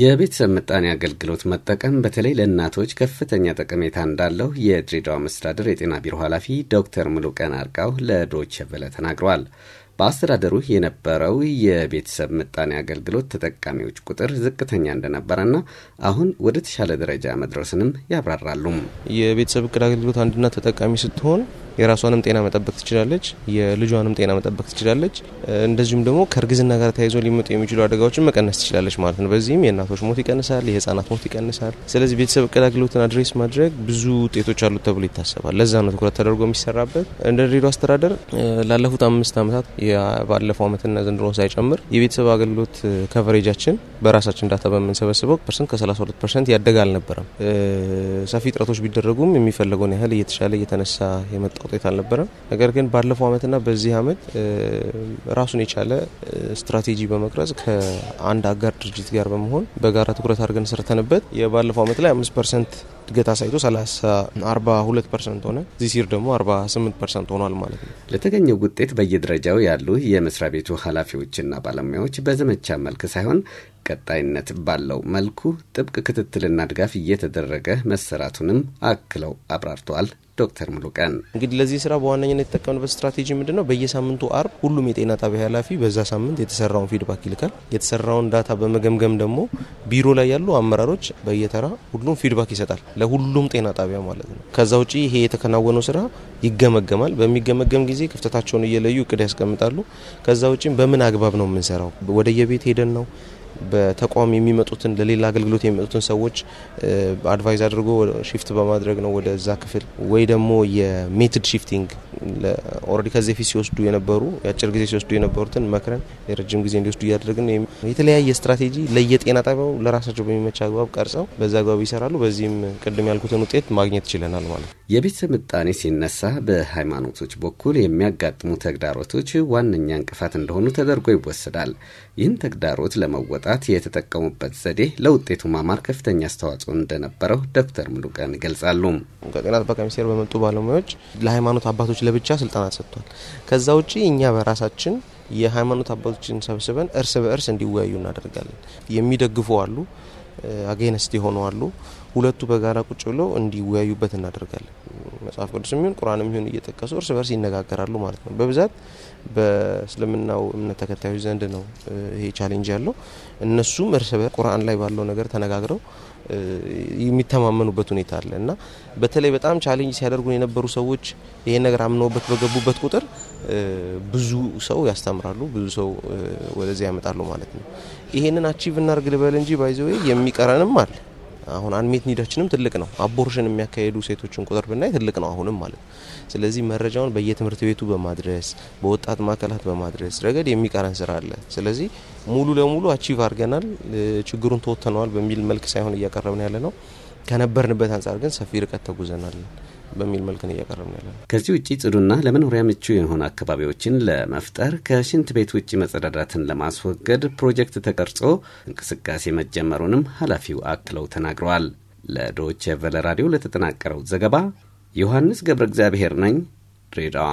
የቤተሰብ ምጣኔ አገልግሎት መጠቀም በተለይ ለእናቶች ከፍተኛ ጠቀሜታ እንዳለው የድሬዳዋ መስተዳድር የጤና ቢሮ ኃላፊ ዶክተር ሙሉቀን አርቃው ለዶች ቬለ ተናግረዋል። በአስተዳደሩ የነበረው የቤተሰብ ምጣኔ አገልግሎት ተጠቃሚዎች ቁጥር ዝቅተኛ እንደነበረና አሁን ወደ ተሻለ ደረጃ መድረስንም ያብራራሉ። የቤተሰብ እቅድ አገልግሎት አንድና ተጠቃሚ ስትሆን የራሷንም ጤና መጠበቅ ትችላለች፣ የልጇንም ጤና መጠበቅ ትችላለች። እንደዚሁም ደግሞ ከእርግዝና ጋር ተያይዞ ሊመጡ የሚችሉ አደጋዎችን መቀነስ ትችላለች ማለት ነው። በዚህም የእናቶች ሞት ይቀንሳል፣ የህፃናት ሞት ይቀንሳል። ስለዚህ ቤተሰብ እቅድ አገልግሎትን አድሬስ ማድረግ ብዙ ውጤቶች አሉት ተብሎ ይታሰባል። ለዛ ነው ትኩረት ተደርጎ የሚሰራበት። እንደ ድሬዳዋ አስተዳደር ላለፉት አምስት ዓመታት ባለፈው ዓመትና ዘንድሮ ሳይጨምር የቤተሰብ አገልግሎት ከቨሬጃችን በራሳችን ዳታ በምንሰበስበው ፐርሰንት ከ32 ፐርሰንት ያደገ አልነበረም። ሰፊ ጥረቶች ቢደረጉም የሚፈለገውን ያህል እየተሻለ እየተነሳ የመጣ ውጤት አልነበረም። ነገር ግን ባለፈው ዓመትና በዚህ አመት ራሱን የቻለ ስትራቴጂ በመቅረጽ ከአንድ አጋር ድርጅት ጋር በመሆን በጋራ ትኩረት አድርገን ሰርተንበት የባለፈው አመት ላይ አምስት ፐርሰንት እድገት አሳይቶ 30 42 ፐርሰንት ሆነ። እዚህ ሲር ደግሞ 48 ፐርሰንት ሆኗል ማለት ነው። ለተገኘው ውጤት በየደረጃው ያሉ የመስሪያ ቤቱ ኃላፊዎችና ባለሙያዎች በዘመቻ መልክ ሳይሆን ቀጣይነት ባለው መልኩ ጥብቅ ክትትልና ድጋፍ እየተደረገ መሰራቱንም አክለው አብራርተዋል። ዶክተር ሙሉቀን እንግዲህ ለዚህ ስራ በዋነኝነት የተጠቀምንበት ስትራቴጂ ምንድን ነው? በየሳምንቱ አርብ ሁሉም የጤና ጣቢያ ኃላፊ በዛ ሳምንት የተሰራውን ፊድባክ ይልካል። የተሰራውን ዳታ በመገምገም ደግሞ ቢሮ ላይ ያሉ አመራሮች በየተራ ሁሉም ፊድባክ ይሰጣል፣ ለሁሉም ጤና ጣቢያ ማለት ነው። ከዛ ውጭ ይሄ የተከናወነው ስራ ይገመገማል። በሚገመገም ጊዜ ክፍተታቸውን እየለዩ እቅድ ያስቀምጣሉ። ከዛ ውጭም በምን አግባብ ነው የምንሰራው? ወደየቤት ሄደን ነው በተቋም የሚመጡትን ለሌላ አገልግሎት የሚመጡትን ሰዎች አድቫይዝ አድርጎ ሺፍት በማድረግ ነው ወደዛ ክፍል ወይ ደግሞ የሜትድ ሺፍቲንግ ኦልሬዲ ከዚህ ፊት ሲወስዱ የነበሩ የአጭር ጊዜ ሲወስዱ የነበሩትን መክረን የረጅም ጊዜ እንዲወስዱ እያደረግን የተለያየ ስትራቴጂ ለየጤና ጣቢያው ለራሳቸው በሚመቻ አግባብ ቀርጸው በዛ አግባብ ይሰራሉ። በዚህም ቅድም ያልኩትን ውጤት ማግኘት ችለናል ማለት ነው። የቤተ ምጣኔ ሲነሳ በሃይማኖቶች በኩል የሚያጋጥሙ ተግዳሮቶች ዋነኛ እንቅፋት እንደሆኑ ተደርጎ ይወሰዳል። ይህን ተግዳሮት ለመወጣት የተጠቀሙበት ዘዴ ለውጤቱ ማማር ከፍተኛ አስተዋጽኦ እንደነበረው ዶክተር ሙሉቀን ይገልጻሉ። ከጤና ጥበቃ ሚኒስቴር በመጡ ባለሙያዎች ለሃይማኖት አባቶች ለብቻ ስልጠና ሰጥቷል። ከዛ ውጪ እኛ በራሳችን የሃይማኖት አባቶችን ሰብስበን እርስ በእርስ እንዲወያዩ እናደርጋለን። የሚደግፉ አሉ፣ አጌነስት የሆኑ አሉ። ሁለቱ በጋራ ቁጭ ብለው እንዲወያዩበት እናደርጋለን። መጽሐፍ ቅዱስ የሚሆን ቁርአንም ይሁን እየጠቀሱ እርስ በርስ ይነጋገራሉ ማለት ነው። በብዛት በእስልምናው እምነት ተከታዮች ዘንድ ነው ይሄ ቻሌንጅ ያለው። እነሱም እርስ በርስ ቁርአን ላይ ባለው ነገር ተነጋግረው የሚተማመኑበት ሁኔታ አለ እና በተለይ በጣም ቻሌንጅ ሲያደርጉን የነበሩ ሰዎች ይሄን ነገር አምነውበት በገቡበት ቁጥር ብዙ ሰው ያስተምራሉ፣ ብዙ ሰው ወደዚያ ያመጣሉ ማለት ነው። ይሄንን አቺቭ እናርግ ልበል እንጂ ባይዘዌ የሚቀረንም አለ አሁን አንሜት ኒዳችንም ትልቅ ነው። አቦርሽን የሚያካሄዱ ሴቶችን ቁጥር ብናይ ትልቅ ነው አሁንም ማለት ነው። ስለዚህ መረጃውን በየትምህርት ቤቱ በማድረስ በወጣት ማዕከላት በማድረስ ረገድ የሚቀረን ስራ አለ። ስለዚህ ሙሉ ለሙሉ አቺቭ አድርገናል፣ ችግሩን ተወጥተነዋል በሚል መልክ ሳይሆን እያቀረብን ያለ ነው። ከነበርንበት አንጻር ግን ሰፊ ርቀት ተጉዘናል። በሚል መልክ ነው ያለ። ከዚህ ውጭ ጽዱና ለመኖሪያ ምቹ የሆኑ አካባቢዎችን ለመፍጠር ከሽንት ቤት ውጭ መጸዳዳትን ለማስወገድ ፕሮጀክት ተቀርጾ እንቅስቃሴ መጀመሩንም ኃላፊው አክለው ተናግረዋል። ለዶቼ ቨለ ራዲዮ ለተጠናቀረው ዘገባ ዮሐንስ ገብረ እግዚአብሔር ነኝ ድሬዳዋ።